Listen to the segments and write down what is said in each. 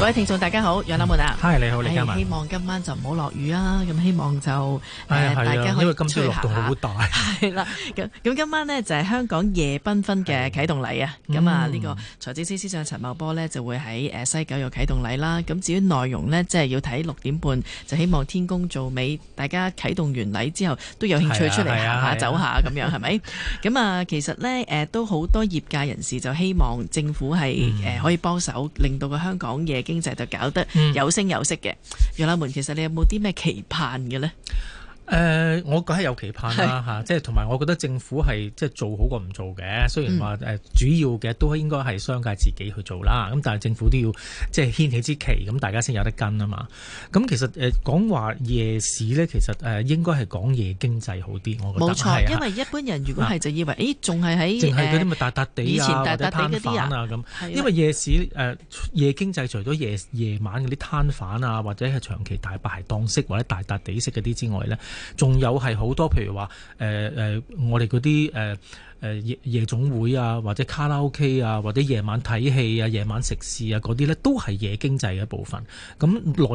各位聽眾，大家好，楊立滿啊，嗨，你好，你今、哎、希望今晚就唔好落雨啊，咁希望就、呃哎、大家可以出去好大。係、嗯、啦，咁咁今晚呢就係香港夜繽紛嘅啟動禮啊，咁啊呢個財政司司長陳茂波呢就會喺誒西九有啟動禮啦，咁至於內容呢，即係要睇六點半，就希望天公做美，大家啟動完禮之後都有興趣出嚟行下走下咁樣係咪？咁啊其實呢誒都好多業界人士就希望政府係誒可以幫手，令到個香港嘅，嗯嗯經濟就搞得有聲有色嘅，楊、嗯、柳門，其實你有冇啲咩期盼嘅呢？誒、呃，我梗係有期盼啦，即係同埋，我覺得政府係即係做好過唔做嘅、嗯。雖然話主要嘅都應該係商界自己去做啦，咁但係政府都要即係掀起支旗，咁大家先有得跟啊嘛。咁其實誒講話夜市咧，其實誒、呃呃、應該係講夜經濟好啲。我覺得，冇錯、啊，因為一般人如果係就以為，咦、啊，仲係喺，仲係嗰啲咪大笪地啊，以前大笪地啊或者攤販啊咁。因為夜市、呃、夜經濟除咗夜夜晚嗰啲攤販啊，或者係長期大排檔式或者大笪地式嗰啲之外咧。仲有係好多，譬如話誒誒，我哋嗰啲誒、呃誒、呃、夜夜總會啊，或者卡拉 OK 啊，或者夜晚睇戲啊，夜晚食肆啊，嗰啲呢，都係夜經濟嘅一部分。咁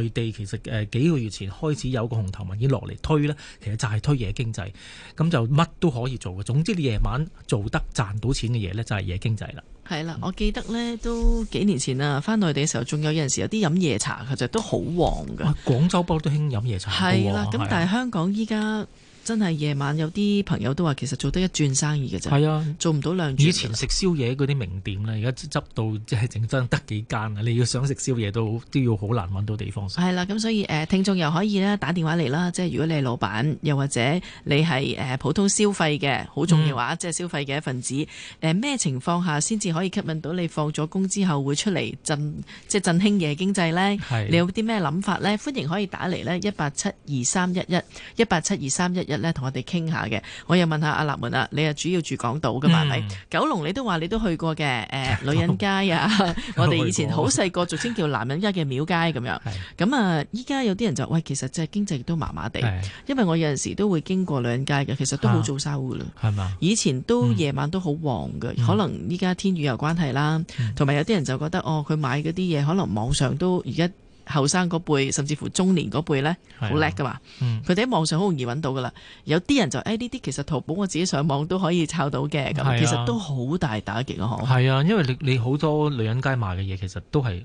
內地其實誒幾個月前開始有個紅頭文件落嚟推呢，其實就係推夜經濟。咁就乜都可以做嘅。總之你夜晚做得賺到錢嘅嘢呢，就係、是、夜經濟啦。係啦，我記得呢都幾年前啊，返內地嘅時候仲有陣時有啲飲夜茶，其實都好旺㗎。廣州不嬲都興飲夜茶？係啦，咁但係香港依家。真係夜晚有啲朋友都話，其實做得一轉生意嘅啫，係啊，做唔到兩轉。以前食宵夜嗰啲名店呢，而家執到即係整真得幾間啊！你要想食宵夜都都要好難揾到地方食。係啦，咁所以誒、呃，聽眾又可以呢，打電話嚟啦，即係如果你係老闆，又或者你係、呃、普通消費嘅，好重要啊、嗯、即係消費嘅一份子。咩、呃、情況下先至可以吸引到你放咗工之後會出嚟振，即係振興夜經濟呢？係，你有啲咩諗法呢？歡迎可以打嚟呢一八七二三一一，一八七二三一一。同我哋傾下嘅，我又問下阿、啊、立門啊，你啊主要住港島嘅嘛？係咪？九龍你都話你都去過嘅，誒、呃、女人街啊， 龍去 我哋以前好細個，俗稱叫男人街嘅廟街咁樣。咁啊，依家有啲人就喂，其實即係經濟都麻麻地，因為我有陣時都會經過女人街嘅，其實都好早收嘅啦。係、啊、嘛？以前都夜、嗯、晚都好旺嘅，可能依家天雨有關係啦。同、嗯、埋有啲人就覺得，哦，佢買嗰啲嘢可能網上都而家。後生嗰輩，甚至乎中年嗰輩呢，好叻噶嘛，佢哋喺網上好容易搵到噶啦、嗯。有啲人就誒、呢、哎、啲其實淘寶我自己上網都可以搵到嘅，咁、啊、其實都好大打擊咯，嗬。係啊，因為你你好多女人街賣嘅嘢，其實都係。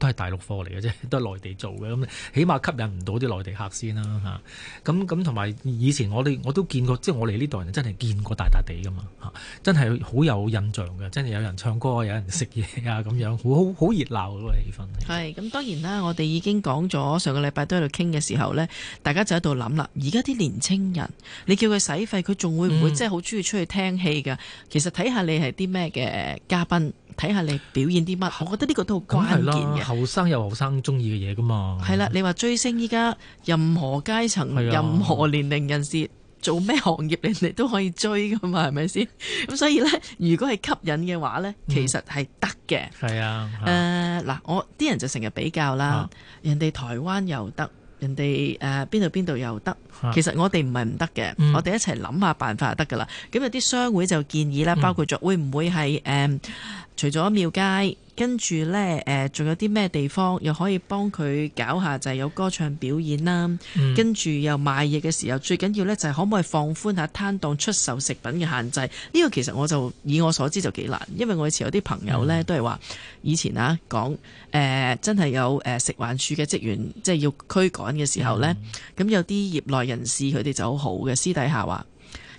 都係大陸貨嚟嘅啫，都係內地做嘅，咁起碼吸引唔到啲內地客先啦嚇。咁咁同埋以前我哋我都見過，即係我哋呢代人真係見過大笪地，噶嘛真係好有印象㗎。真係有人唱歌，有人食嘢啊咁樣，好好熱鬧個氣氛。係咁，當然啦，我哋已經講咗上個禮拜都喺度傾嘅時候呢，大家就喺度諗啦。而家啲年青人，你叫佢使費，佢仲會唔會即係好中意出去聽戲嘅、嗯？其實睇下你係啲咩嘅嘉賓。睇下你表演啲乜，我覺得呢個都好關鍵嘅。後生有後生中意嘅嘢噶嘛。係啦，你話追星依家任何階層係、啊、任何年齡人士做咩行業，你哋都可以追噶嘛，係咪先？咁 所以呢，如果係吸引嘅話呢，其實係得嘅。係、嗯、啊。誒、呃、嗱，我啲人就成日比較啦、啊，人哋台灣又得。人哋誒、邊度邊度又得，其實我哋唔係唔得嘅，我哋一齊諗下辦法就得噶啦。咁、嗯、有啲商會就建議啦，包括咗會唔會係、呃、除咗廟街。跟住呢，誒、呃，仲有啲咩地方又可以幫佢搞下？就係、是、有歌唱表演啦、嗯。跟住又賣嘢嘅時候，最緊要呢就係可唔可以放寬下攤檔出售食品嘅限制？呢、這個其實我就以我所知就幾難，因為我以前有啲朋友呢都係話，以前啊講誒、呃，真係有食環署嘅職員即係、就是、要驅趕嘅時候呢，咁、嗯、有啲業內人士佢哋就好好嘅，私底下話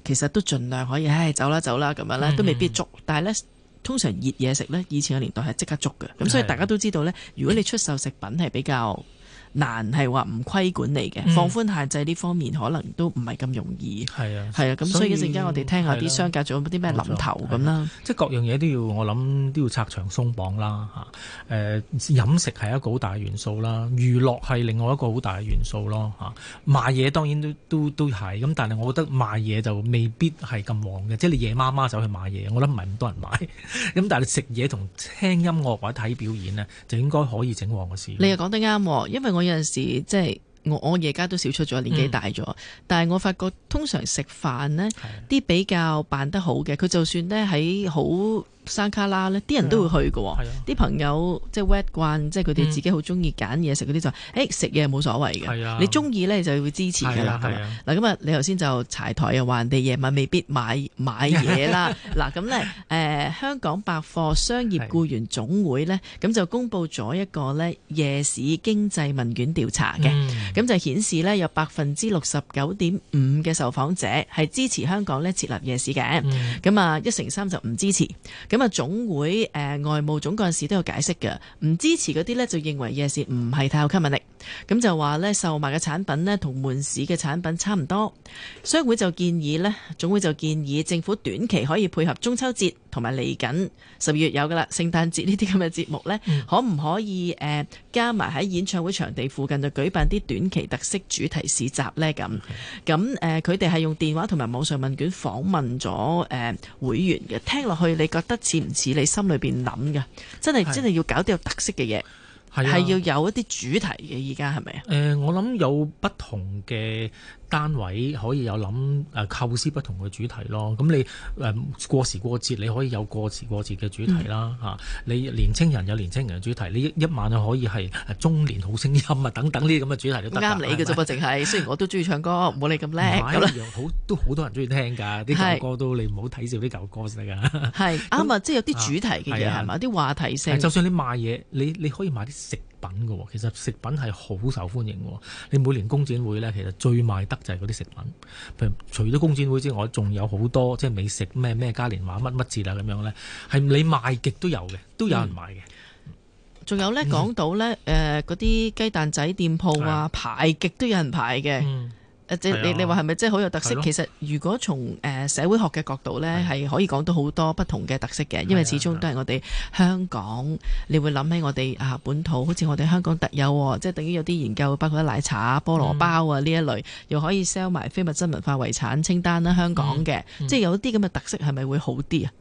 其實都盡量可以，唉，走啦走啦咁樣呢都未必捉、嗯，但係通常熱嘢食呢，以前嘅年代係即刻捉嘅，咁、嗯、所以大家都知道呢、嗯，如果你出售食品係比較難係話唔規管你嘅，放寬限制呢方面可能都唔係咁容易。係、嗯、啊，係啊，咁所以，所以我聽一陣間我哋聽下啲商家仲有啲咩諗頭咁啦。即係各樣嘢都要，我諗都要拆牆鬆綁啦。吓、呃，誒，飲食係一個好大嘅元素啦，娛樂係另外一個好大嘅元素咯。吓，賣嘢當然都都都係，咁但係我覺得賣嘢就未必係咁旺嘅，即係你夜媽媽走去買嘢，我諗唔係咁多人買。咁但係你食嘢同聽音樂或者睇表演呢，就應該可以整旺個市。你又講得啱，因為我。有陣時，即係我我而家都少出咗，年紀大咗、嗯，但係我發覺。通常食飯呢啲比較辦得好嘅，佢就算呢喺好山卡拉呢啲人都會去嘅喎、哦。啲朋友即係 wet 慣，嗯、即係佢哋自己好中意揀嘢食嗰啲就，誒食嘢冇所謂嘅。你中意呢就會支持㗎啦。嗱咁啊，你頭先就柴台又話，人哋夜晚未必買買嘢啦。嗱 咁呢，誒、呃、香港百貨商業僱員總會呢，咁就公佈咗一個呢夜市經濟問卷調查嘅，咁就顯示呢，有百分之六十九點五嘅。的受訪者係支持香港咧設立夜市嘅，咁、嗯、啊一成三就唔支持，咁啊總會誒、呃、外務總幹事都有解釋嘅，唔支持嗰啲呢，就認為夜市唔係太有吸引力，咁就話呢，售賣嘅產品呢，同門市嘅產品差唔多，商會就建議呢，總會就建議政府短期可以配合中秋節。同埋嚟緊十二月有噶啦，聖誕節呢啲咁嘅節目呢，嗯、可唔可以誒、呃、加埋喺演唱會場地附近就舉辦啲短期特色主題市集呢？咁咁誒，佢哋係用電話同埋網上問卷訪問咗誒、呃、會員嘅，聽落去你覺得似唔似你心裏面諗嘅？真係真係要搞啲有特色嘅嘢。係，要有一啲主題嘅，而家係咪啊？誒、呃，我諗有不同嘅單位可以有諗誒構思不同嘅主題咯。咁你誒、呃、過時過節，你可以有過時過節嘅主題啦。嚇、嗯啊，你年青人有年青人嘅主題，你一,一晚啊可以係中年好聲音啊等等呢啲咁嘅主題都得㗎。啱你嘅啫，是不過淨係雖然我都中意唱歌，冇你咁叻咁啦。好 都好多人中意聽㗎，啲舊歌都你唔好睇少啲舊歌先得㗎。係啱 啊！即係有啲主題嘅嘢係嘛？啲話題性。就算你賣嘢，你你可以賣啲。食品嘅，其實食品係好受歡迎嘅。你每年工展會呢，其實最賣得就係嗰啲食品。譬如除咗工展會之外，仲有好多即係美食咩咩嘉年華乜乜節啦咁樣咧，係你賣極都有嘅，都有人買嘅。仲、嗯、有呢，講到呢誒嗰啲雞蛋仔店鋪啊，排極都有人排嘅。嗯即你你話係咪即係好有特色？其實如果從誒社會學嘅角度呢，係可以講到好多不同嘅特色嘅，因為始終都係我哋香港，你會諗起我哋啊本土，好似我哋香港特有喎，即係等於有啲研究，包括奶茶、菠蘿包啊呢、嗯、一類，又可以 sell 埋非物質文化遺產清單啦，香港嘅、嗯，即係有啲咁嘅特色，係咪會好啲啊？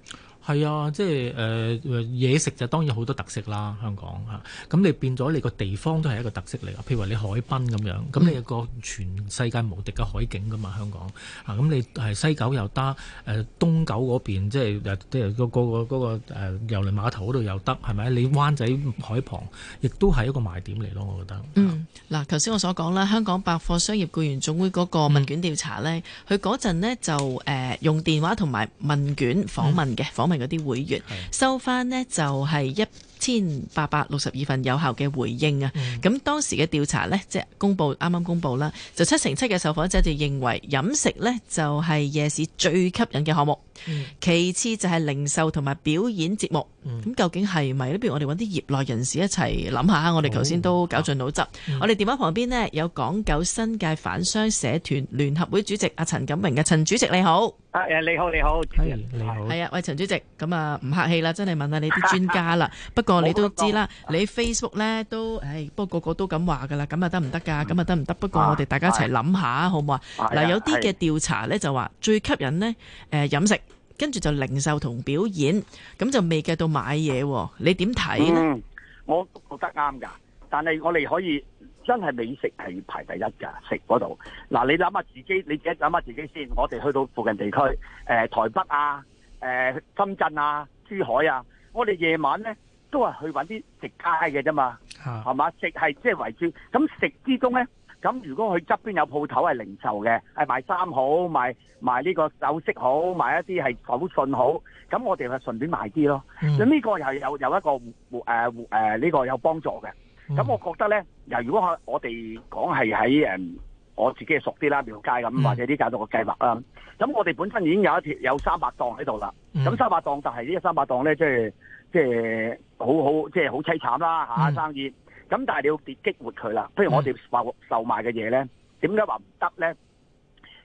係啊，即係誒嘢食就當然好多特色啦，香港吓，咁你變咗你個地方都係一個特色嚟㗎。譬如話你海濱咁樣，咁你一個全世界無敵嘅海景㗎嘛，香港吓，咁你係西九又得，誒、呃、東九嗰邊即係即係個、嗰個、嗰個嗰個誒遊輪碼頭度又得，係咪？你灣仔海旁亦都係一個賣點嚟咯，我覺得。嗯，嗱、啊，頭先我所講啦，香港百貨商業僱員總會嗰個問卷調查咧，佢嗰陣呢就誒、呃、用電話同埋問卷訪問嘅啲會員收翻呢就係一千八百六十二份有效嘅回應啊！咁、嗯、當時嘅調查呢，即、就、係、是、公佈啱啱公佈啦，就七成七嘅受訪者就認為飲食呢就係、是、夜市最吸引嘅項目，嗯，其次就係零售同埋表演節目。咁、嗯、究竟係咪？呢邊我哋揾啲業內人士一齊諗下。我哋頭先都搞盡腦汁。嗯嗯、我哋電話旁邊呢，有港九新界販商社團聯合會主席阿陳錦榮嘅、啊，陳主席你好。啊誒，你好，你好，係你好，係啊，喂，陳主席，咁啊，唔客氣啦，真係問下你啲專家啦。不過你都知啦，你 Facebook 咧都，唉，不過個個都咁話噶啦，咁啊得唔得噶？咁啊得唔得？不過我哋大家一齊諗下，好唔好啊？嗱，有啲嘅調查咧就話最吸引咧，誒，飲食，跟住就零售同表演，咁就未計到買嘢，你點睇咧？我覺得啱噶，但係我哋可以。真係美食係排第一噶，食嗰度，嗱、啊、你諗下自己，你自己諗下自己先。我哋去到附近地區，誒、呃、台北啊，誒、呃、深圳啊，珠海啊，我哋夜晚咧都係去搵啲食街嘅啫嘛，係、啊、嘛？食係即係圍住，咁食之中咧，咁如果佢側邊有鋪頭係零售嘅，係賣衫好，賣賣呢個首飾好，賣一啲係手信好，咁我哋咪順便賣啲咯。咁、嗯、呢、這個又有有一個誒誒呢個有幫助嘅。咁、嗯、我覺得咧，如果我哋講係喺誒，我自己熟啲啦，廟街咁、嗯，或者啲搞到嘅計劃啦。咁、嗯、我哋本身已經有一條有三百檔喺度啦。咁三百檔，就係呢三百檔咧，即係即係好好，即係好凄慘啦下生意。咁但係你要激活佢啦。譬如我哋售、嗯、售賣嘅嘢咧，點解話唔得咧？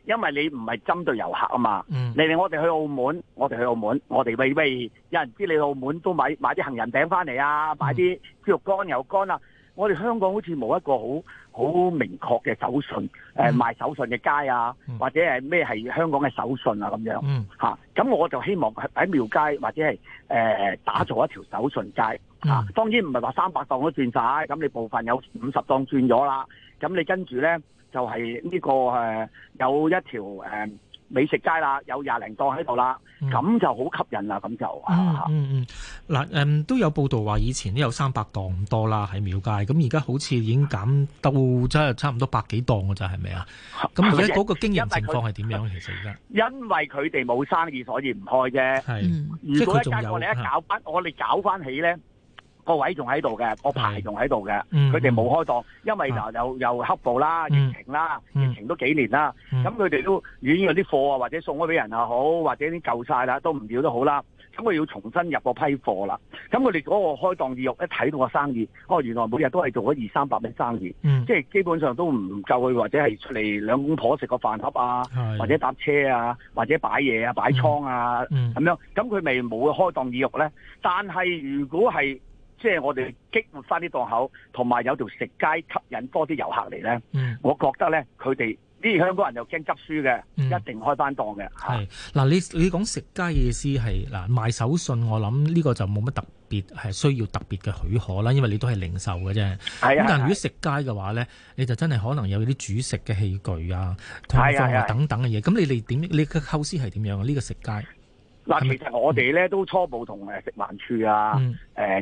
因為你唔係針對遊客啊嘛。嗯、你哋我哋去澳門，我哋去澳門，我哋喂喂，有人知你去澳門都買買啲杏仁餅翻嚟啊，嗯、買啲豬肉乾、油乾啊。我哋香港好似冇一個好好明確嘅手信，誒、呃、賣手信嘅街啊，嗯、或者係咩係香港嘅手信啊咁樣嚇。咁、嗯啊、我就希望喺廟街或者係誒、呃、打造一條手信街啊、嗯。當然唔係話三百檔都轉晒，咁你部分有五十檔轉咗啦。咁你跟住咧就係、是、呢、呢個、呃、有一條誒。美食街啦，有廿零檔喺度啦，咁、嗯、就好吸引啦，咁就嗯嗯嗱，嗯都、嗯嗯、有報道話以前都有三百檔咁多啦喺廟街，咁而家好似已經減到真係差唔多百幾檔嘅咋係咪啊？咁而家嗰個經營情況係點樣？其實而家因為佢哋冇生意，所以唔開啫。係、嗯，如果仲有、啊，我哋一搞翻，我哋搞翻起咧。個位仲喺度嘅，個牌仲喺度嘅，佢哋冇開檔，因為又又又黑暴啦，疫情啦，嗯嗯嗯、疫情都幾年啦，咁佢哋都如果有啲貨啊，或者送咗俾人啊，好，或者啲舊晒啦，都唔要都好啦，咁佢要重新入個批貨啦。咁佢哋嗰個開檔意欲一睇到個生意，哦，原來每日都係做咗二三百蚊生意，嗯、即係基本上都唔夠佢，或者係出嚟兩公婆食個飯盒啊、嗯，或者搭車啊，或者擺嘢啊，擺倉啊咁、嗯嗯、樣，咁佢咪冇開檔意欲咧？但係如果係即係我哋激活翻啲檔口，同埋有條食街吸引多啲遊客嚟咧、嗯。我覺得咧，佢哋啲香港人又驚執輸嘅、嗯，一定開翻檔嘅。嗱、啊，你你講食街嘅意思係嗱賣手信，我諗呢個就冇乜特別係需要特別嘅許可啦，因為你都係零售嘅啫。係啊。咁但係如果食街嘅話咧、啊，你就真係可能有啲煮食嘅器具啊、湯粉啊等等嘅嘢。咁、啊、你哋點？你嘅構思係點樣啊？呢、呢個食街？嗱，其實我哋咧都初步同食環署啊，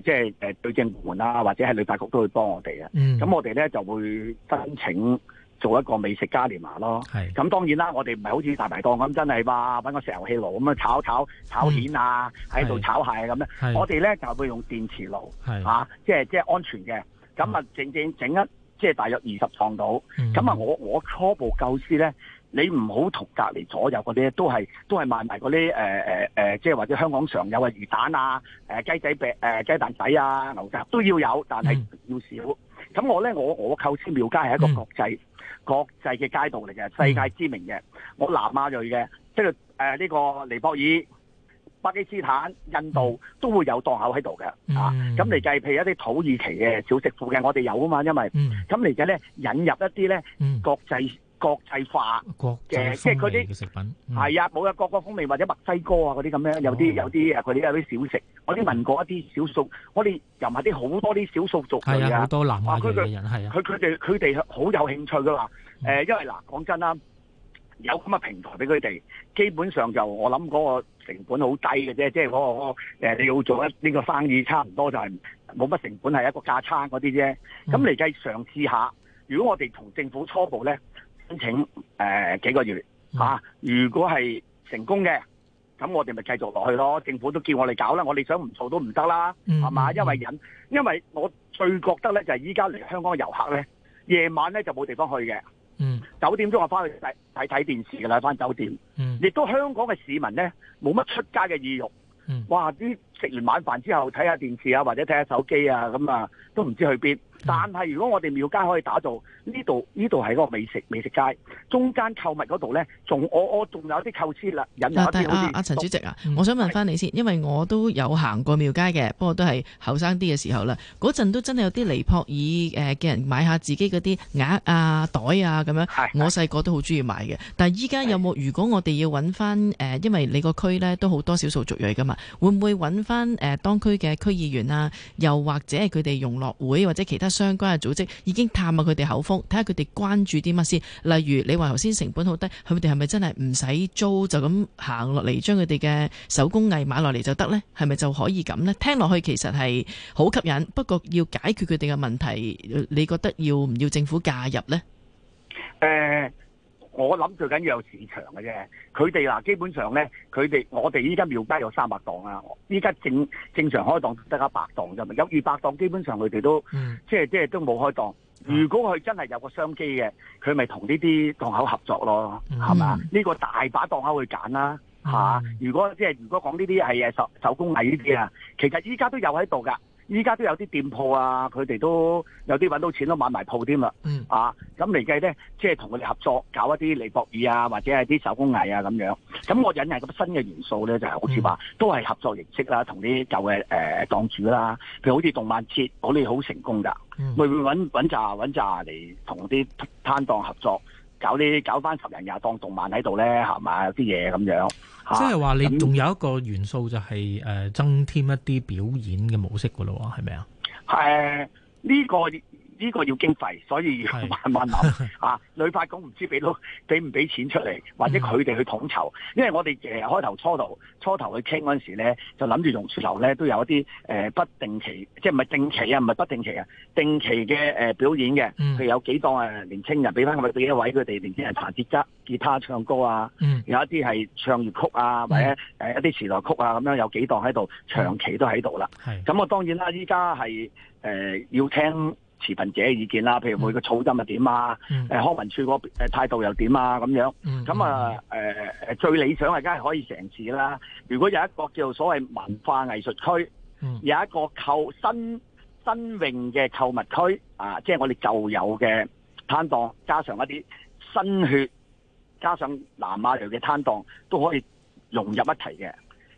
即係誒對政部門啦、啊，或者係旅發局都會幫我哋。嗯，咁我哋咧就會申請做一個美食嘉年華咯。咁當然啦，我哋唔係好似大排檔咁真係話，揾個石油氣爐咁樣炒炒炒蜆啊，喺、嗯、度炒蟹咁、啊、咧。我哋咧就會用電磁爐，係即係即係安全嘅。咁、嗯、啊，正整整一即係大約二十檔到。咁、嗯、啊，我我初步構思咧。你唔好同隔離左右嗰啲，都係都係賣埋嗰啲誒誒即係或者香港常有嘅魚蛋啊、誒、呃、雞仔餅、呃、雞蛋仔啊、牛雜都要有，但係要少。咁、嗯、我咧，我我構思廟街係一個國際、嗯、國際嘅街道嚟嘅，世界知名嘅、嗯。我南亞裔嘅，即係誒呢個尼泊爾、巴基斯坦、印度都會有檔口喺度嘅。啊，咁嚟計，譬如一啲土耳其嘅小食附近，我哋有啊嘛，因為咁嚟、嗯、計咧，引入一啲咧、嗯、國際。國際化國際即係佢啲係啊，冇、嗯、有各國風味或者墨西哥啊嗰啲咁樣，有啲、哦、有啲啊佢哋有啲小食，我、嗯、啲民國一啲少數，我哋又咪啲好多啲少數族嘅啊。哇！佢佢佢佢哋佢哋好有興趣噶啦、嗯、因為嗱講真啦，有咁嘅平台俾佢哋，基本上就我諗嗰個成本好低嘅啫，即係嗰、嗰個你要做一呢個生意，差唔多就係冇乜成本，係一個價差嗰啲啫。咁嚟計嘗試下，如果我哋同政府初步咧。申請誒、呃、幾個月吓、啊，如果係成功嘅，咁我哋咪繼續落去咯。政府都叫我哋搞啦，我哋想唔做都唔得啦，係、嗯、嘛？因為人，因為我最覺得咧就係依家嚟香港嘅遊客咧，夜晚咧就冇地方去嘅。嗯，九點鐘我翻去睇睇睇電視噶啦，翻酒店。嗯，亦都香港嘅市民咧，冇乜出街嘅意欲。嗯，哇！啲食完晚飯之後睇下電視啊，或者睇下手機啊，咁啊都唔知去邊。但係如果我哋廟街可以打造呢度呢度係個個美食美食街，中間購物嗰度呢，仲我我仲有啲構思啦。引阿阿、陳主席啊，嗯、我想問翻你先，因為我都有行過廟街嘅，不過都係後生啲嘅時候啦。嗰陣都真係有啲尼泊爾，以誒嘅人買下自己嗰啲額啊袋啊咁樣。我細個都好中意買嘅。但係依家有冇？如果我哋要揾翻因為你個區呢都好多少數族裔㗎嘛，會唔會揾翻誒當區嘅區議員啊，又或者係佢哋融樂會或者其他？相關嘅組織已經探下佢哋口風，睇下佢哋關注啲乜先。例如你話頭先成本好低，佢哋係咪真係唔使租就咁行落嚟，將佢哋嘅手工藝買落嚟就得呢？係咪就可以咁呢？聽落去其實係好吸引，不過要解決佢哋嘅問題，你覺得要唔要政府介入呢？誒、uh...。我諗最緊要有市場嘅啫，佢哋嗱，基本上咧，佢哋我哋依家廟街有三百檔啊，依家正正常開檔得一百檔啫嘛，有二百檔基本上佢哋都、嗯、即係即係都冇開檔、嗯。如果佢真係有個商機嘅，佢咪同呢啲檔口合作咯，係、嗯、嘛？呢、呢個大把檔口去揀啦、啊、吓、嗯啊！如果即係如果講呢啲係誒手手工藝呢啲啊，其實依家都有喺度噶。依家都有啲店鋪啊，佢哋都有啲搵到錢都買埋鋪添、啊、啦。嗯，啊，咁嚟計咧，即係同佢哋合作搞一啲利博意啊，或者係啲手工藝啊咁樣。咁我引入個新嘅元素咧，就係、是、好似話、嗯、都係合作形式啦，同啲舊嘅誒檔主啦，譬如好似動漫節嗰啲好成功噶、嗯，會唔會搵揾咋揾咋嚟同啲攤檔合作？搞啲搞翻十人廿當動漫喺度咧，係嘛有啲嘢，咁樣。即係話你仲有一個元素就係，誒，增添一啲表演嘅模式噶咯喎，係咪啊？誒，呢個。呢、這個要經費，所以要慢慢諗 啊！旅發局唔知俾到，俾唔俾錢出嚟，或者佢哋去統籌。因為我哋誒開頭初頭，初頭去傾嗰陣時咧，就諗住用潮流咧都有一啲誒、呃、不定期，即係唔係定期啊，唔係不定期啊，定期嘅誒、呃、表演嘅，佢、呃呃、有幾檔、啊、年青人俾翻佢哋一位，佢哋年輕人彈吉奏、吉他、唱歌啊，呃呃、有一啲係唱粵曲啊、呃，或者一啲時代曲啊咁樣，有幾檔喺度，長期都喺度啦。咁、嗯嗯、我當然啦，依家係誒要聽。持份者嘅意見啦，譬如每個草根又點啊？誒、嗯、康文處署嗰態度又點啊？咁樣咁啊，誒最理想係梗係可以成事啦。如果有一個叫做所謂文化藝術區，嗯、有一個購新新穎嘅購物區啊，即、就、係、是、我哋舊有嘅攤檔，加上一啲新血，加上南亞嚟嘅攤檔，都可以融入一齊嘅。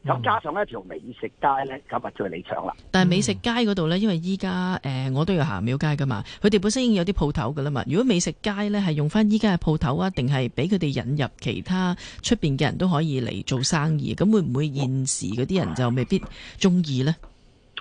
咁、嗯、加上一條美食街呢，咁咪最理想啦、嗯。但係美食街嗰度呢，因為依家誒我都有行廟街噶嘛，佢哋本身已經有啲鋪頭噶啦嘛。如果美食街呢係用翻依家嘅鋪頭啊，定係俾佢哋引入其他出面嘅人都可以嚟做生意，咁會唔會現時嗰啲人就未必中意呢？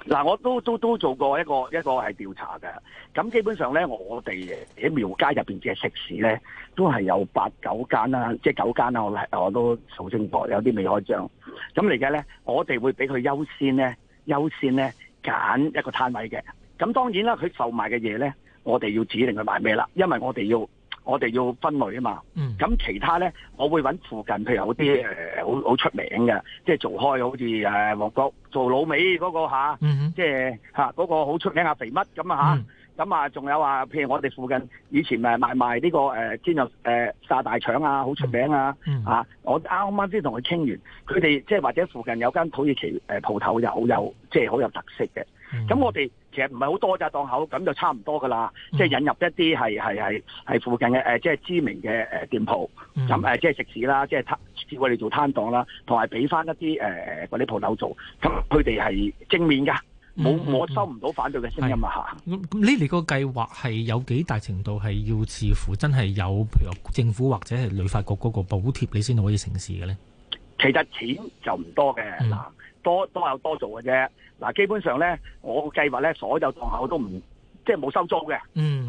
嗱、啊，我都都都做過一個一個係調查嘅，咁基本上咧，我哋喺廟街入邊嘅食肆咧，都係有八九間啦，即、就、係、是、九間啦，我我都數清楚，有啲未開張。咁嚟嘅咧，我哋會俾佢優先咧，優先咧揀一個攤位嘅。咁當然啦，佢售賣嘅嘢咧，我哋要指定佢賣咩啦，因為我哋要。我哋要分類啊嘛，咁、嗯、其他咧，我會揾附近，譬如有啲誒好好出名嘅，即係做開好似誒旺角做老味嗰、嗰個即係嗰個好出名肥啊肥乜咁啊嚇，咁啊仲有話譬如我哋附近以前咪賣賣呢、呢個誒、呃、煎肉、然誒炸大腸啊，好出名啊，、嗯、啊我啱啱先同佢傾完，佢、嗯、哋即係或者附近有間土耳其誒鋪頭有有即係好有特色嘅，咁、嗯嗯、我哋。其實唔係好多咋檔口，咁就差唔多噶啦、嗯。即係引入一啲係係係係附近嘅誒、就是嗯，即係知名嘅誒店鋪，咁誒即係食肆啦，即係攤叫我哋做攤檔啦，同埋俾翻一啲誒誒嗰啲鋪頭做，咁佢哋係正面噶，冇、嗯嗯嗯、我收唔到反對嘅聲音啊嚇。咁你哋個計劃係有幾大程度係要似乎真係有，譬如政府或者係旅發局嗰個補貼，你先可以成事嘅咧？其實錢就唔多嘅。嗯多多有多做嘅啫，嗱基本上咧，我計劃咧，所有檔口都唔即係冇收租嘅，嗯，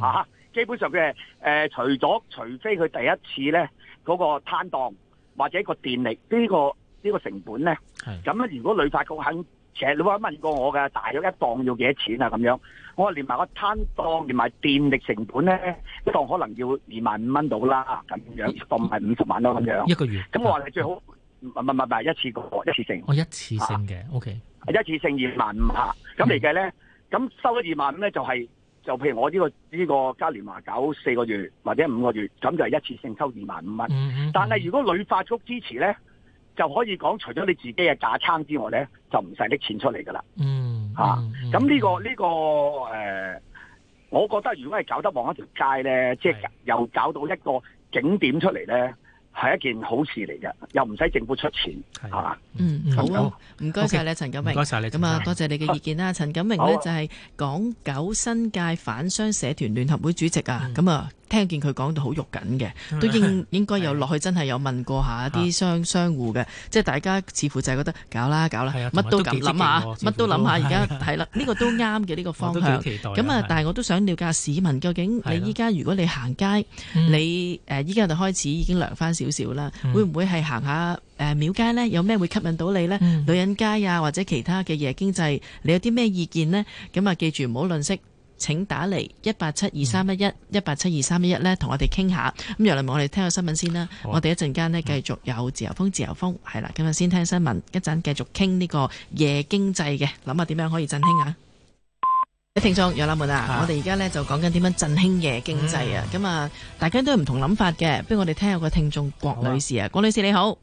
基本上嘅，誒、嗯啊呃，除咗除非佢第一次咧嗰、嗰個攤檔或者一個電力呢、這個呢、這個成本咧，咁咧，如果旅發局肯，誒，你話問過我嘅，大約一檔要幾多錢啊？咁樣，我話連埋個攤檔連埋電力成本咧，一檔可能要二萬五蚊到啦，咁樣，當唔係五十萬咯，咁樣，一個月，咁我話你最好。嗯唔唔唔唔，一次過一次性，我、哦、一次性嘅，O K，一次性二萬五下。咁嚟嘅咧，咁、嗯、收一二萬五咧就係、是、就譬如我呢、這個呢、這個嘉年華搞四個月或者五個月，咁就係一次性收二萬五蚊、嗯嗯。但係如果女發速支持咧，就可以講除咗你自己嘅架撐之外咧，就唔使拎錢出嚟噶啦。嗯，咁、嗯、呢、啊嗯這個呢、這個、呃、我覺得如果係搞得望一條街咧，即係又搞到一個景點出嚟咧。係一件好事嚟嘅，又唔使政府出錢，係嘛？嗯，好啊，唔該晒你陳錦榮，唔該晒你咁啊，多、哦、謝，謝你嘅、OK，意見啦。陳錦榮呢就係港九新界販商社團聯合會主席、哦、啊，咁、嗯、啊。聽見佢講到好肉緊嘅，都應應該有落去，真係有問過下啲商商戶嘅，即係大家似乎就係覺得搞啦搞啦，乜都咁諗下，乜都諗下。而家係啦，呢 個都啱嘅呢個方向。咁啊，但係我都想了解下市民究竟你依家如果你行街，你誒依家就開開始已經涼翻少少啦，會唔會係行下廟街呢？有咩會吸引到你呢、嗯？女人街啊，或者其他嘅夜經濟，你有啲咩意見呢？咁啊，記住唔好吝嗇。請打嚟一八七二三一一一八七二三一一呢，同我哋傾下咁。楊立文我哋聽個新聞先啦。我哋一陣間呢繼續有自由風，自由風係啦。今日，先聽新聞，一陣繼續傾呢個夜經濟嘅諗下點樣可以振興下。聽眾，楊立文啊，我哋而家呢就講緊點樣振興夜經濟啊！咁啊，大家都有唔同諗法嘅，不如我哋聽下個聽眾郭女士啊，郭女士,好郭女士你好。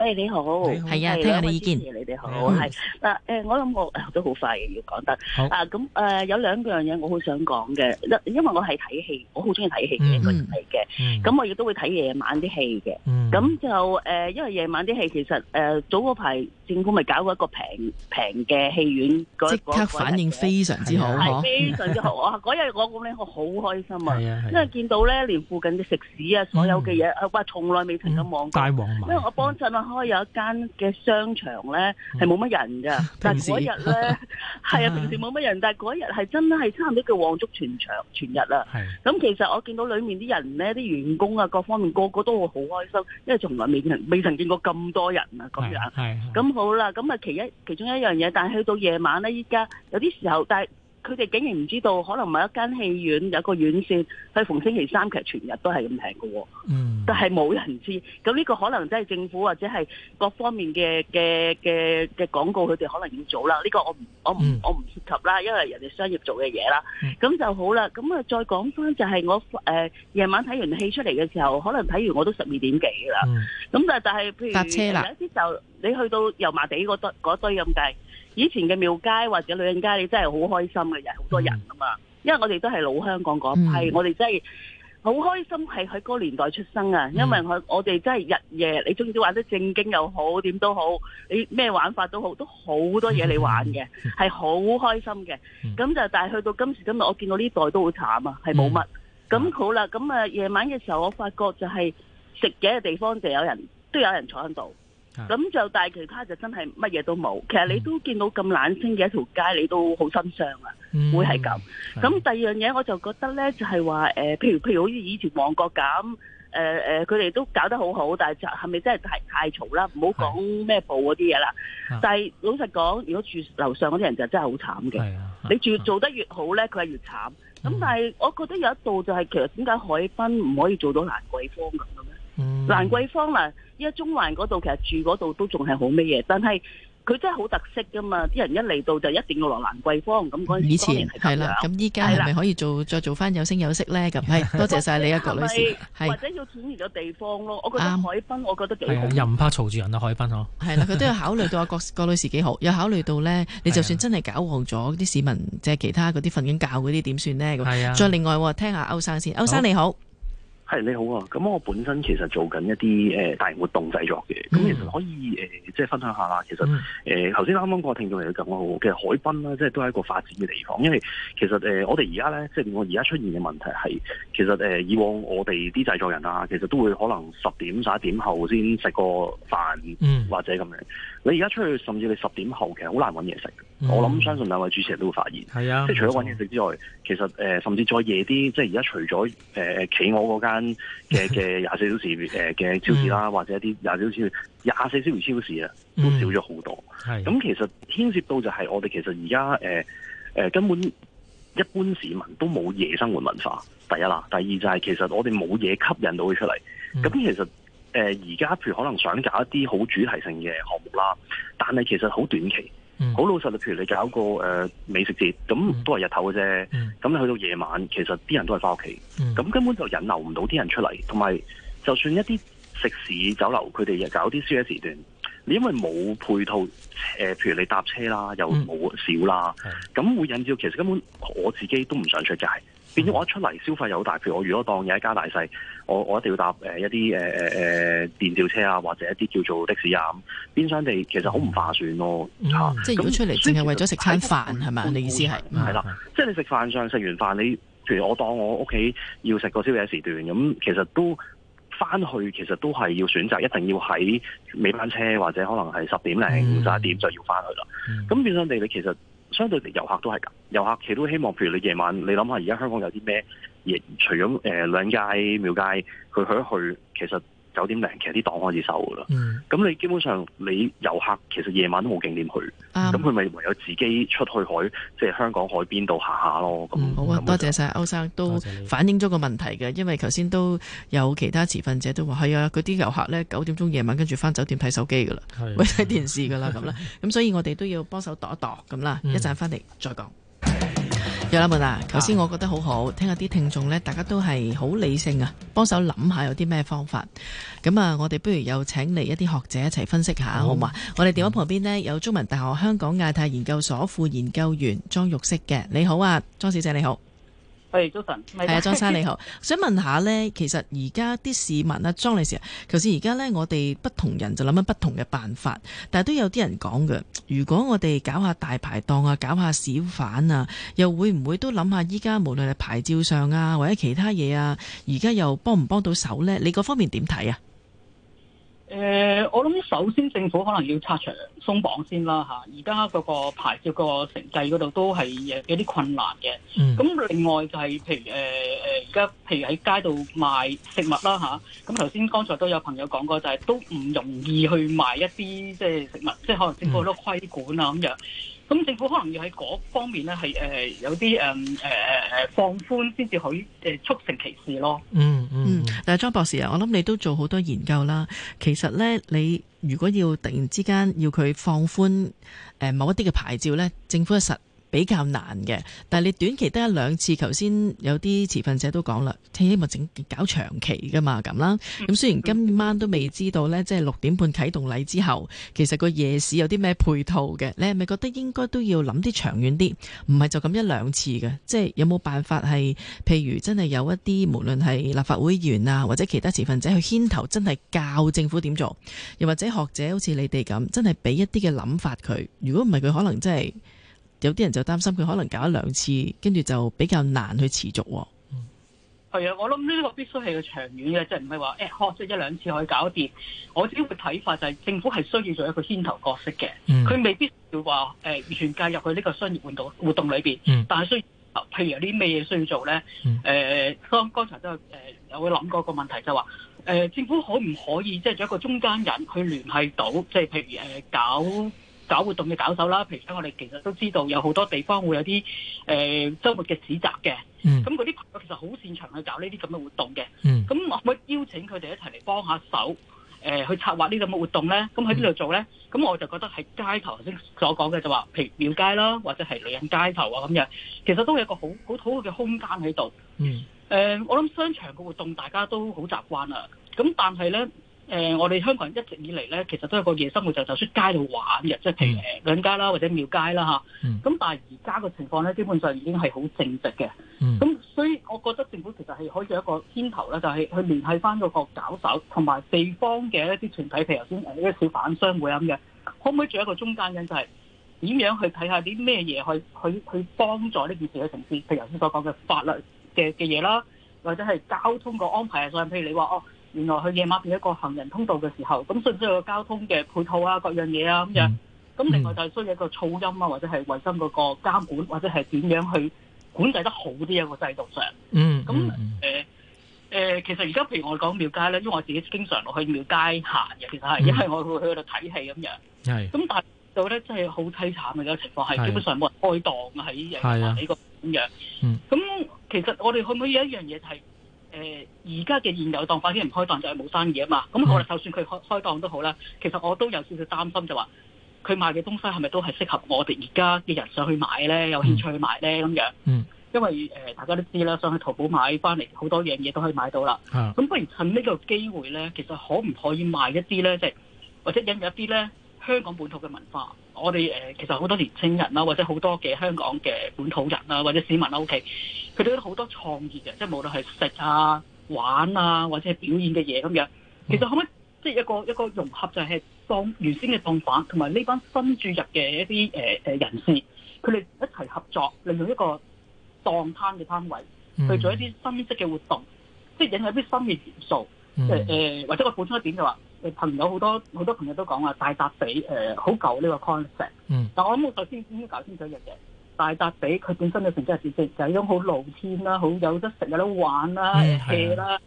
誒、hey, 你好，係啊，聽下意見、哎，你哋好係嗱誒，我諗我都好快嘅要講得，啊咁誒、呃、有兩樣嘢我好想講嘅，因為我係睇戲，我好中意睇戲嘅人嚟嘅，咁、嗯嗯嗯、我亦都會睇夜晚啲戲嘅，咁、嗯、就誒、呃、因為夜晚啲戲其實誒、呃、早嗰排政府咪搞過一個平平嘅戲院，即刻反應非常之好，係、啊啊啊、 非常之好，哇！嗰日我咁咧，我好開心啊，啊啊因為見到咧連附近嘅食肆啊，所有嘅嘢係話從來未停過網，街旺，因為我幫襯啊。開有一間嘅商場咧，係冇乜人噶。但係嗰日咧，係啊，平時冇乜人， 但係嗰日係真係差唔多叫旺足全場全日啦。係咁其實我見到裏面啲人咧，啲員工啊，各方面個個都會好開心，因為從來未曾未曾見過咁多人啊，咁樣。係咁好啦，咁啊其一，其中一樣嘢，但係去到夜晚咧，依家有啲時候，但係佢哋竟然唔知道，可能某一間戲院有一個院線，去逢星期三其實全日都係咁平嘅，嗯，但係冇人知。咁呢個可能真係政府或者係各方面嘅嘅嘅嘅廣告，佢哋可能要做啦。呢、這個我唔我唔、嗯、我唔涉及啦，因為人哋商業做嘅嘢啦。咁、嗯、就好啦。咁啊再講翻就係我誒夜、呃、晚睇完戲出嚟嘅時候，可能睇完我都十二點幾啦。咁、嗯、但但係譬如有一啲就你去到油麻地嗰堆堆咁計。以前嘅廟街或者女人街，你真係好開心嘅，人好多人啊嘛、嗯。因為我哋都係老香港嗰一批，嗯、我哋真係好開心，係喺嗰個年代出生啊。嗯、因為我我哋真係日夜，你中意玩得正經又好，點都好，你咩玩法都好，都好多嘢你玩嘅，係、嗯、好開心嘅。咁、嗯、就但係去到今時今日，我見到呢代都好慘啊，係冇乜。咁、嗯、好啦，咁啊夜晚嘅時候，我發覺就係食嘢嘅地方就有人都有人坐喺度。咁就但係其他就真係乜嘢都冇，其實你都見到咁冷清嘅一條街，你都好心傷啊、嗯，會係咁。咁第二樣嘢，我就覺得咧，就係話誒，譬如譬如好似以前旺角咁，誒、呃、誒，佢哋都搞得好好，但係係咪真係太太嘈啦？唔好講咩暴嗰啲嘢啦。但係老實講，如果住樓上嗰啲人就真係好慘嘅。你住做得越好咧，佢係越慘。咁但係我覺得有一度就係、是、其實點解海濱唔可以做到蘭桂坊。蘭、嗯、桂坊嗱、啊，依家中環嗰度其實住嗰度都仲係好咩嘢，但係佢真係好特色噶嘛，啲人一嚟到就一定要落蘭桂坊咁。以前係啦，咁依家係咪可以做再做翻有聲有色咧？咁係多謝晒你啊， 郭女士，或者要遷移咗地方咯，我覺得海濱我覺得幾好，又唔怕嘈住人啊，海濱呵。係 啦，佢都要考慮到啊，郭郭女士幾好，有考慮到咧，你就算真係搞旺咗啲市民即係其他嗰啲瞓緊覺嗰啲點算咧咁？係啊，再另外聽下歐生先，歐生你好。係，你好啊，咁我本身其實做緊一啲誒、呃、大型活動製作嘅，咁其實可以誒、呃，即分享下啦。其實誒，頭先啱啱個聽眾嚟嘅咁好，其實海濱咧，即係都係一個發展嘅地方。因為其實誒、呃，我哋而家咧，即係我而家出現嘅問題係，其實誒、呃、以往我哋啲製作人啊，其實都會可能十點十一點後先食個飯，嗯，或者咁樣。你而家出去，甚至你十點後，其實好難搵嘢食。嗯、我諗相信兩位主持人都會發現是、啊，即係除咗搵嘢食之外，嗯、其實誒、呃、甚至再夜啲，即係而家除咗誒企鵝嗰間嘅嘅廿四小時誒嘅、呃、超市啦、嗯，或者一啲廿小時、廿四小時超市、嗯、啊，都少咗好多。咁其實牽涉到就係我哋其實而家誒根本一般市民都冇夜生活文化。第一啦，第二就係其實我哋冇嘢吸引到佢出嚟。咁、嗯、其實誒而家譬如可能想搞一啲好主題性嘅項目啦，但係其實好短期。好、嗯、老實你譬如你搞個誒、呃、美食節，咁都係日頭嘅啫。咁、嗯、你去到夜晚，其實啲人都係翻屋企，咁、嗯、根本就引流唔到啲人出嚟。同埋，就算一啲食肆、酒樓，佢哋又搞啲 CS 時段，你因為冇配套誒、呃，譬如你搭車啦，又冇少啦，咁、嗯、會引致其實根本我自己都唔想出街。變咗我一出嚟，消費又好大，譬如我如果當有一家大細，我我一定要搭誒一啲誒誒誒電召車啊，或者一啲叫做的士啊，咁變相地其實好唔划算咯吓、嗯。即係如果出嚟淨係為咗食餐飯係咪，你意思係係啦。即係你食飯上食完飯，你譬如我當我屋企要食個宵夜時段，咁其實都翻去其實都係要選擇，一定要喺尾班車或者可能係十點零、十一點就要翻去啦。咁變相地你其實。相對地，遊客都係咁，遊客其實都希望，譬如你夜晚，你諗下而家香港有啲咩？亦除咗誒、呃、兩街廟街，佢去一去，其實。九點零，其實啲檔開始收噶啦。咁、嗯、你基本上你遊客其實夜晚都冇景點去，咁佢咪唯有自己出去海，即係香港海邊度行下咯。咁、嗯、好啊，多謝晒歐生，都反映咗個問題嘅。因為頭先都有其他持份者都話係啊，嗰啲遊客咧九點鐘夜晚跟住翻酒店睇手機噶啦，去睇電視噶啦咁啦。咁 所以我哋都要幫手度一度咁啦。一陣翻嚟再講。有啦、啊，文娜，頭先我覺得好好，聽下啲聽眾呢，大家都係好理性啊，幫手諗下有啲咩方法。咁啊，我哋不如又請嚟一啲學者一齊分析下，嗯、好唔好啊？我哋電話旁邊呢，有中文大學香港亞太研究所副研究員莊玉惜嘅，你好啊，莊小姐你好。係，早晨，係啊，張生你好， 想問下呢，其實而家啲市民啊，莊女士，頭先而家呢，我哋不同人就諗緊不同嘅辦法，但係都有啲人講嘅，如果我哋搞下大排檔啊，搞下小販啊，又會唔會都諗下依家無論係牌照上啊，或者其他嘢啊，而家又幫唔幫到手呢？你嗰方面點睇啊？誒、呃，我諗首先政府可能要拆牆鬆綁先啦嚇，而家嗰個牌照、嗰個承繼嗰度都係有啲困難嘅。咁、嗯、另外就係譬如誒誒，而、呃、家譬如喺街度賣食物啦嚇，咁頭先剛才都有朋友講過，就係都唔容易去賣一啲即係食物，即係可能政府都規管啊咁樣。嗯咁政府可能要喺嗰方面咧，係、呃、誒有啲誒誒誒誒放寬先至可以誒、呃、促成其事咯。嗯嗯，嗯，但係莊博士，啊，我諗你都做好多研究啦。其實咧，你如果要突然之間要佢放寬誒某一啲嘅牌照咧，政府係實。比較難嘅，但你短期得一兩次。頭先有啲持份者都講啦，希望整搞長期㗎嘛咁啦。咁雖然今晚都未知道呢，即係六點半啟動禮之後，其實個夜市有啲咩配套嘅？你係咪覺得應該都要諗啲長遠啲？唔係就咁一兩次嘅，即係有冇辦法係，譬如真係有一啲無論係立法會議員啊，或者其他持份者去牽頭，真係教政府點做，又或者學者好似你哋咁，真係俾一啲嘅諗法佢。如果唔係，佢可能真係。有啲人就擔心佢可能搞一兩次，跟住就比較難去持續。嗯，係啊，我諗呢個必須係個長遠嘅，即係唔係話誒呵，即、欸、一兩次可以搞掂。我自己嘅睇法就係政府係需要做一個牽頭角色嘅，佢、嗯、未必要話誒完全介入去呢個商業活動活動裏邊。但係需要譬如有啲咩嘢需要做咧？誒、嗯，剛、呃、剛才都誒有會諗過一個問題、就係，就話誒政府可唔可以即係做一個中間人去聯繫到，即係譬如誒、呃、搞。搞活動嘅搞手啦，譬如我哋其實都知道有好多地方會有啲誒、呃、周末嘅市集嘅，咁嗰啲朋友其實好擅長去搞呢啲咁嘅活動嘅，咁、嗯、我會邀請佢哋一齊嚟幫下手，誒、呃、去策劃呢種嘅活動咧，咁喺呢度做咧，咁、嗯、我就覺得喺街頭頭先所講嘅就話，譬如廟街啦，或者係女人街頭啊咁樣，其實都有一個很很好好好嘅空間喺度。誒、嗯呃，我諗商場嘅活動大家都好習慣啦，咁但係咧。誒、呃，我哋香港人一直以嚟咧，其實都有個夜生活就走出街度玩嘅，即係譬如兩街啦，或者廟街啦嚇。咁、嗯、但係而家個情況咧，基本上已經係好正直嘅。咁、嗯嗯、所以，我覺得政府其實係可以做一個牽頭咧，就係去聯繫翻嗰個攪手同埋地方嘅一啲團體，譬如頭先誒個小販商會啊咁，可唔可以做一個中間人，就係點樣去睇下啲咩嘢去去去幫助呢件事嘅城市？譬如頭先所講嘅法律嘅嘅嘢啦，或者係交通個安排啊，所以譬如你話哦。原來去夜晚變一個行人通道嘅時候，咁甚至係個交通嘅配套啊、各樣嘢啊咁樣。咁、嗯、另外就係需要一個噪音啊、嗯，或者係衞生嗰個監管，或者係點樣去管制得好啲一,一個制度上。嗯。咁誒誒，其實而家譬如我講廟街咧，因為我自己經常落去廟街行嘅，其實係、嗯、因為我會去嗰度睇戲咁樣。係、嗯。咁但係我覺得真係好凄慘嘅，有情況係基本上冇人開檔喺夜喺個咁樣。嗯。咁其實我哋可唔可以有一樣嘢係？誒、呃，而家嘅現有檔，快啲唔開檔就係冇生意啊嘛。咁我哋就算佢開開檔都好啦，其實我都有少少擔心就說，就話佢賣嘅東西係咪都係適合我哋而家嘅人上去買咧，有興趣去買咧咁樣。嗯，因為誒、呃，大家都知啦，上去淘寶買翻嚟好多樣嘢都可以買到啦。咁、啊、不如趁這個機呢個機會咧，其實可唔可以賣一啲咧，即係或者引入一啲咧？香港本土嘅文化，我哋誒其實好多年青人啦，或者好多嘅香港嘅本土人啦，或者市民啦，OK，佢哋都好多創意嘅，即係無論係食啊、玩啊，或者係表演嘅嘢咁樣。其實可唔可以即係一個一個融合就是，就係講原先嘅檔販同埋呢班新注入嘅一啲誒誒人士，佢哋一齊合作，令到一個檔攤嘅攤位，去做一啲新式嘅活動，即係引入一啲新嘅元素，即、嗯、係、呃、或者我補充一點就話。朋友好多好多朋友都講話大笪地誒好舊呢個 concept，、嗯、但我諗我首先先該搞清楚一樣嘢，大笪地佢本身嘅成績係直接就係、是、一種好露天啦、啊，好有得食有得玩啦 hea 啦，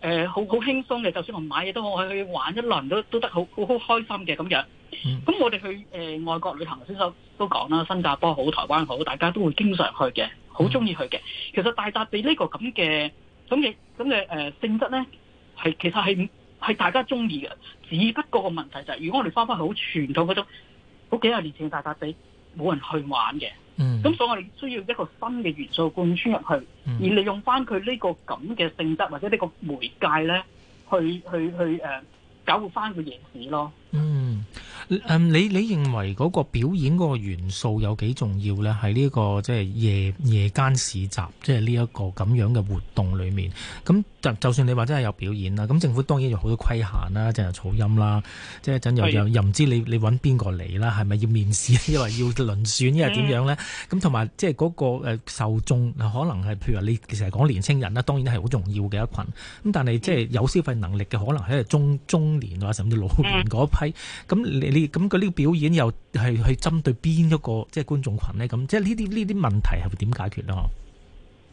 誒好好輕鬆嘅，就算我買嘢都好可去玩一輪都都得好好好開心嘅咁樣。咁、嗯、我哋去誒、呃、外國旅行先都都講啦，新加坡好，台灣好，大家都會經常去嘅，好中意去嘅、嗯。其實大笪地呢個咁嘅咁嘅咁嘅性質咧，係其實係。係大家中意嘅，只不過個問題就係、是，如果我哋翻翻去好傳統嗰種，好幾廿年前嘅大笪地，冇人去玩嘅。嗯，咁所以我哋需要一個新嘅元素貫穿入去，而利用翻佢呢個咁嘅性質或者呢個媒介咧，去去去誒、啊，搞活翻個夜市咯。嗯，你你認為嗰個表演嗰個元素有幾重要咧？喺呢個即係夜夜間市集，即係呢一個咁樣嘅活動裏面，咁就就算你話真係有表演啦，咁政府當然有好多規限啦，即係噪音啦，即係陣又又又唔知你你揾邊個嚟啦，係咪要面試，因為要輪選，定係點樣咧？咁同埋即係嗰個誒受眾，可能係譬如話你成日講年青人啦，當然係好重要嘅一群，咁但係即係有消費能力嘅，可能喺中中年啊，甚至老年嗰。係咁，你你咁佢呢個表演又係去針對邊一個即係觀眾群咧？咁即係呢啲呢啲問題係會點解決咧？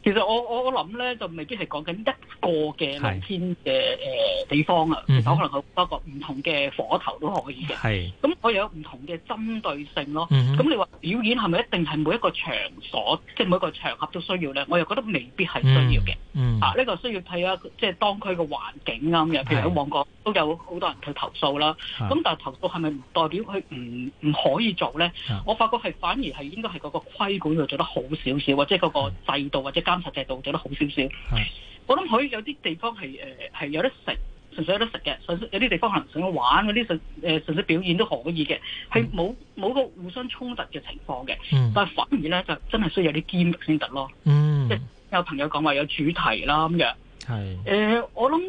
其實我我我諗咧，就未必係講緊一個嘅露天嘅、呃、地方啊、嗯，其實可能好多個唔同嘅火頭都可以嘅。咁我有唔同嘅針對性咯。咁、嗯、你話表演係咪一定係每一個場所、嗯、即係每一個場合都需要咧？我又覺得未必係需要嘅、嗯嗯。啊，呢、呢個需要睇下即係當區嘅環境咁嘅。譬如喺旺角都有好多人去投訴啦。咁但係投訴係咪代表佢唔唔可以做咧？我發覺係反而係應該係嗰個規管佢做得好少少，或者嗰個制度、嗯、或者三十制度做得好少少，我諗可以有啲地方係誒係有得食，純粹有得食嘅，有啲地方可能想玩嗰啲純誒純粹表演都可以嘅，係冇冇個互相衝突嘅情況嘅、嗯，但反而咧就真係需要有啲兼得先得咯。嗯、即係有朋友講話有主題啦咁樣，誒、呃、我諗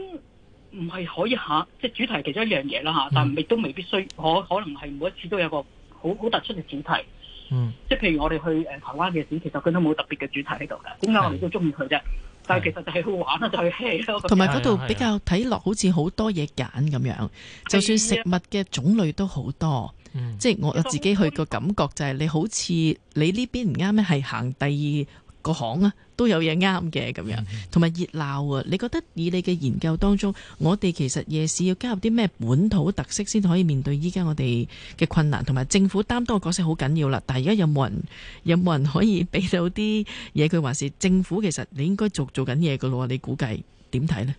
唔係可以吓、啊，即係主題其中一樣嘢啦吓，但係亦、嗯、都未必需可可能係每一次都有個好好，好突出嘅主題。嗯，即係譬如我哋去誒台灣嘅夜市，其實佢都冇特別嘅主題喺度嘅，點解我哋都中意佢啫？但係其實就係去玩啊，就去 hea 咯，同埋嗰度比較睇落好似好多嘢揀咁樣，就算食物嘅種類都好多，是即係我我自己去個感覺就係你好似你呢邊唔啱咧，係行第二。個行啊都有嘢啱嘅咁樣，同埋熱鬧啊！你覺得以你嘅研究當中，我哋其實夜市要加入啲咩本土特色先可以面對依家我哋嘅困難，同埋政府擔當嘅角色好緊要啦。但係而家有冇人有冇人可以俾到啲嘢佢？還是政府其實你應該做做緊嘢噶咯？你估計點睇呢？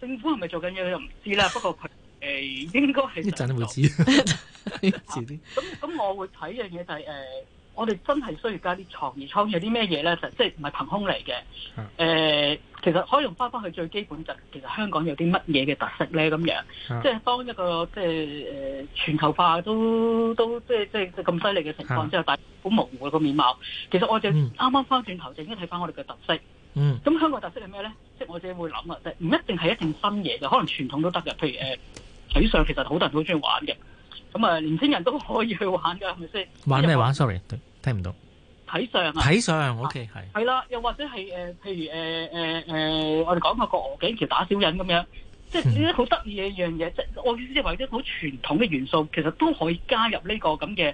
政府係咪做緊嘢？你又唔知啦。不過佢誒，應該係做。暫時唔知。咁咁，我會睇樣嘢就係誒。我哋真係需要加啲創意，創意，有啲咩嘢咧？就即係唔係憑空嚟嘅，啊呃。其實可以用翻翻去最基本，就其實香港有啲乜嘢嘅特色咧？咁樣，啊，即係當一個即係，呃、全球化都都即係即係咁犀利嘅情況之後，啊，但係好模糊個面貌。其實我哋啱啱翻轉頭就已經睇翻我哋嘅特色。咁，嗯、香港特色係咩咧？即係我自己會諗啊，即係唔一定係一定新嘢嘅，可能傳統都得嘅。譬如誒，水，呃、上其實好多人好中意玩嘅。咁啊，年輕人都可以去玩㗎，係咪先？玩咩玩？Sorry，聽唔到。睇相啊！睇相，OK，係。係、啊、啦，又或者係誒、呃，譬如誒誒誒，我哋講下個鵝頸橋打小人咁樣，即係呢啲好得意嘅一樣嘢。即、嗯、係我意思係為咗好傳統嘅元素，其實都可以加入呢個咁嘅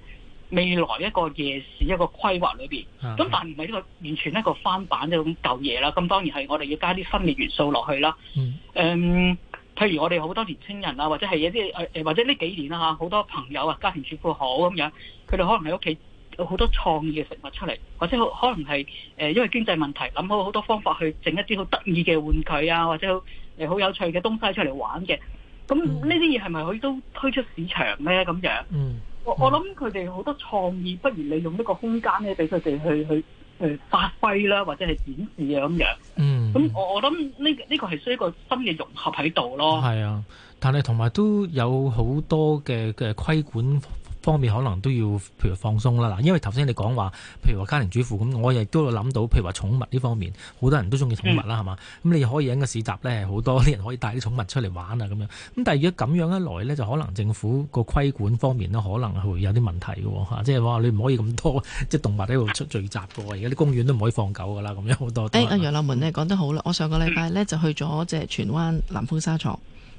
未來一個夜市一個規劃裏邊。咁，但唔係呢個完全一個翻版一種舊嘢啦。咁當然係我哋要加啲新嘅元素落去啦。嗯。嗯。譬如我哋好多年青人啊，或者係一啲、呃、呃、或者呢幾年啊嚇好多朋友啊，家庭主婦好咁樣，佢哋可能喺屋企有好多創意嘅食物出嚟，或者好可能係、呃、因為經濟問題，諗好好多方法去整一啲好得意嘅玩具啊，或者好、呃、好有趣嘅東西出嚟玩嘅。咁呢啲嘢係咪可以都推出市場咧？咁樣，嗯嗯、我我諗佢哋好多創意，不如利用一個空間咧，俾佢哋去去。去誒發揮啦，或者係展示啊咁樣。嗯，咁我我諗呢呢個係需要一個新嘅融合喺度咯。係啊，但係同埋都有好多嘅嘅規管。方面可能都要譬如放鬆啦，嗱，因為頭先你講話，譬如話家庭主婦，咁，我亦都有諗到，譬如話寵物呢方面，好多人都中意寵物啦，係、嗯、嘛？咁你可以喺個市集呢，好多啲人可以帶啲寵物出嚟玩啊咁樣，咁但係如果咁樣一來呢，就可能政府個規管方面呢，可能會有啲問題嘅，即係話你唔可以咁多即係動物喺度出聚集嘅喎，而家啲公園都唔可以放狗㗎啦，咁樣好多。誒，阿楊立門呢，你講得好啦，我上個禮拜呢，就去咗即係荃灣南豐紗廠。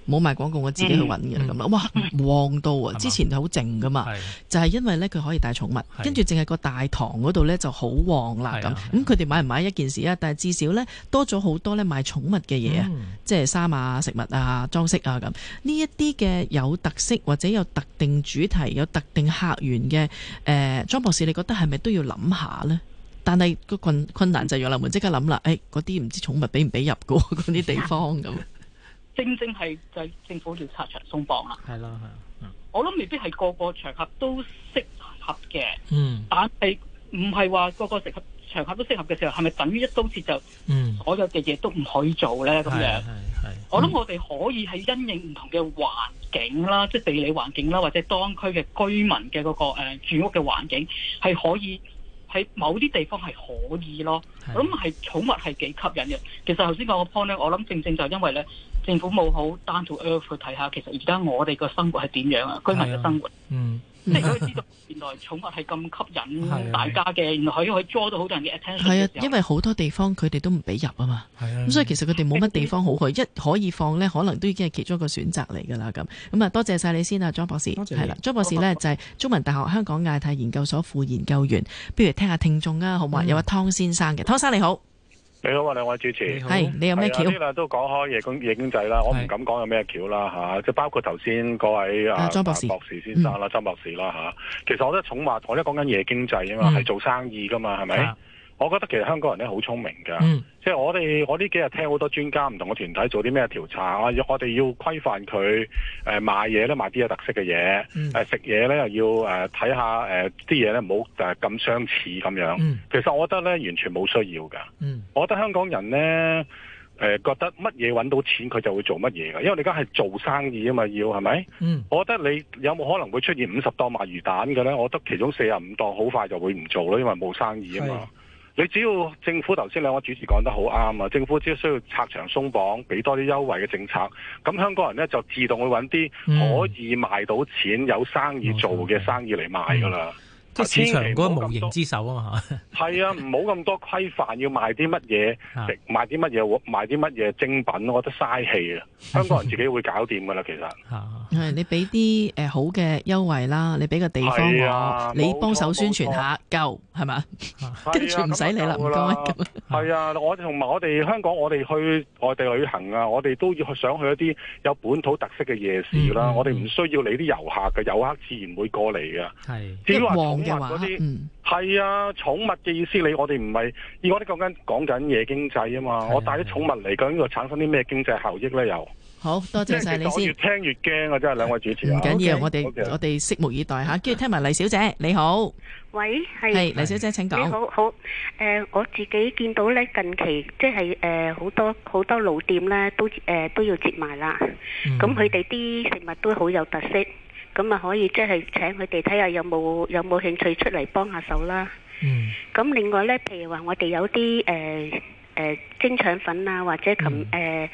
冇賣廣告，我自己去揾嘅咁咯。哇，旺到啊！之前好靜噶嘛，就係、是、因為呢，佢可以帶寵物，跟住淨係個大堂嗰度呢就好旺啦咁。咁佢哋買唔買一件事啊？但係至少呢，多咗好多呢，買寵物嘅嘢啊，即係衫啊、食物啊、裝飾啊咁。呢一啲嘅有特色或者有特定主題、有特定客源嘅，誒、呃，莊博士你覺得係咪都要諗下呢？但係個困困難就係，若臨門即刻諗啦，誒，嗰啲唔知寵物俾唔俾入嘅嗰啲地方咁。 正正係就係政府要拆牆鬆綁啦，係啦係，我諗未必係個個場合都適合嘅，嗯，但係唔係話個個適合場合都適合嘅時候，係咪等於一刀切就我我，嗯，所有嘅嘢都唔可以做咧咁樣？係係，我諗我哋可以係因應唔同嘅環境啦，即係地理環境啦，或者當區嘅居民嘅嗰個，呃，住屋嘅環境係可以。喺某啲地方係可以咯，我諗係寵物係幾吸引嘅。其實頭先講個 point 咧，我諗正正就係因為咧政府冇好 down to earth 去睇下，其實而家我哋個生活係點樣嘅，係啊？居民嘅生活，嗯。 即係佢知道原來寵物係咁吸引大家嘅，原來佢可以可以捉到好多人嘅 attention 的。係啊，因為好多地方佢哋都唔俾入啊嘛。係啊，咁所以其實佢哋冇乜地方好去， 一可以放咧，可能都已經係其中一個選擇嚟㗎啦。咁咁啊，多謝晒你先啊，莊博士。多謝，莊博士呢，就係、是、中文大學香港亞太研究所副研究員。不如聽下聽眾啊，好唔好、嗯、有阿湯先生嘅，湯生你好。你好啊，兩位主持。係，你有咩橋？啲啦、啊、都講開夜經夜經濟啦，我唔敢講有咩橋啦吓，即、啊、係包括頭先嗰位啊莊、啊、博，博士先生啦，莊、嗯、博士啦吓、啊。其實我都寵重話，我都講緊夜經濟啊嘛，係、嗯、做生意噶嘛，係咪？我覺得其實香港人咧好聰明㗎、嗯，即係我哋我呢幾日聽好多專家唔同嘅團體做啲咩調查，我我哋要規範佢誒賣嘢咧賣啲有特色嘅嘢、嗯呃，食嘢咧又要誒睇下誒啲嘢咧唔好誒咁相似咁樣、嗯。其實我覺得咧完全冇需要㗎、嗯。我覺得香港人咧誒、呃、覺得乜嘢揾到錢佢就會做乜嘢㗎，因為你而家係做生意啊嘛，要係咪、嗯？我覺得你有冇可能會出現五十檔賣魚蛋嘅咧？我覺得其中四十五檔好快就會唔做咯，因為冇生意啊嘛。你只要政府頭先兩位主持講得好啱啊！政府只需要拆牆鬆綁，俾多啲優惠嘅政策，咁香港人咧就自動去揾啲可以賣到錢、有生意做嘅生意嚟賣㗎啦。市場嗰個無形之手啊嘛，係 啊，唔好咁多規範，要賣啲乜嘢食，賣啲乜嘢，賣啲乜嘢精品，我覺得嘥氣啊！香港人自己會搞掂噶啦，其實 係你俾啲、呃、好嘅優惠啦，你俾個地方我、啊，你幫手宣傳下夠係嘛？跟住唔使你啦，唔該咁。係啊， 啊，啊， 啊，我同埋我哋香港我，我哋去外地旅行啊，我哋都要去想去一啲有本土特色嘅夜市啦，啊嗯。我哋唔需要你啲遊客嘅遊客，嗯、遊客自然會過嚟㗎。嗱，嗰啲係啊，寵物嘅意思，你我哋唔係而家啲講緊講緊嘢經濟啊嘛，我帶啲寵物嚟講究竟產生啲咩經濟效益咧？又好多謝晒你先，我越聽越驚啊！真係兩位主持人唔緊要，我哋我哋拭目以待吓。跟住聽埋黎小姐，你好，喂，係黎小姐請講，你好，好誒，我自己見到咧近期即係誒好多好多老店咧都誒都要接埋啦，咁佢哋啲食物都好有特色。咁啊，可以即係請佢哋睇下有冇有冇興趣出嚟幫下手啦。嗯。咁另外呢，譬如話我哋有啲誒誒蒸腸粉啊，或者咁誒、嗯呃、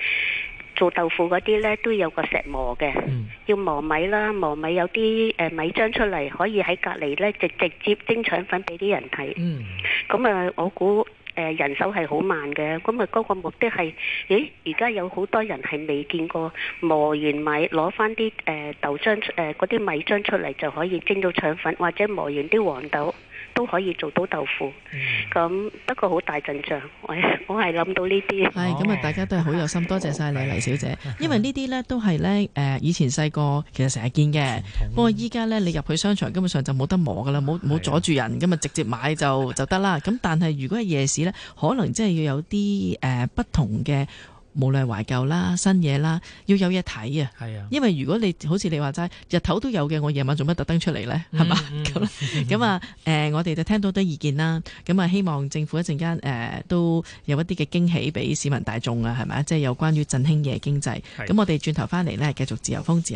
做豆腐嗰啲呢，都有個石磨嘅、嗯。要磨米啦，磨米有啲誒、呃、米漿出嚟，可以喺隔離呢直直接蒸腸粉畀啲人睇。嗯。咁啊，我估。誒人手係好慢嘅，咁啊嗰個目的係，咦，而家有好多人係未見過磨完米攞翻啲誒豆漿誒嗰啲米漿出嚟就可以蒸到腸粉，或者磨完啲黃豆。都可以做到豆腐，咁、嗯、不過好大陣仗。我我係諗到呢啲。係咁啊， 大家都係好有心，多謝晒你、哦，黎小姐。因為呢啲咧都係咧誒，以前細個其實成日見嘅、嗯。不過依家咧你入去商場，根本上就冇得摸㗎喇，冇冇阻住人，咁啊直接買就就得啦。咁但係如果係夜市咧，可能真係要有啲誒不同嘅。無論係懷舊啦、新嘢啦，要有嘢睇啊！係啊，因為如果你好似你話齋，日頭都有嘅，我夜晚做乜特登出嚟咧？係嘛咁咁啊？誒、 呃，我哋就聽到啲意見啦。咁啊，希望政府一陣間誒都有一啲嘅驚喜俾市民大眾啊，係咪啊？即係有關於振興夜經濟。咁我哋轉頭翻嚟咧，繼續自由風自由。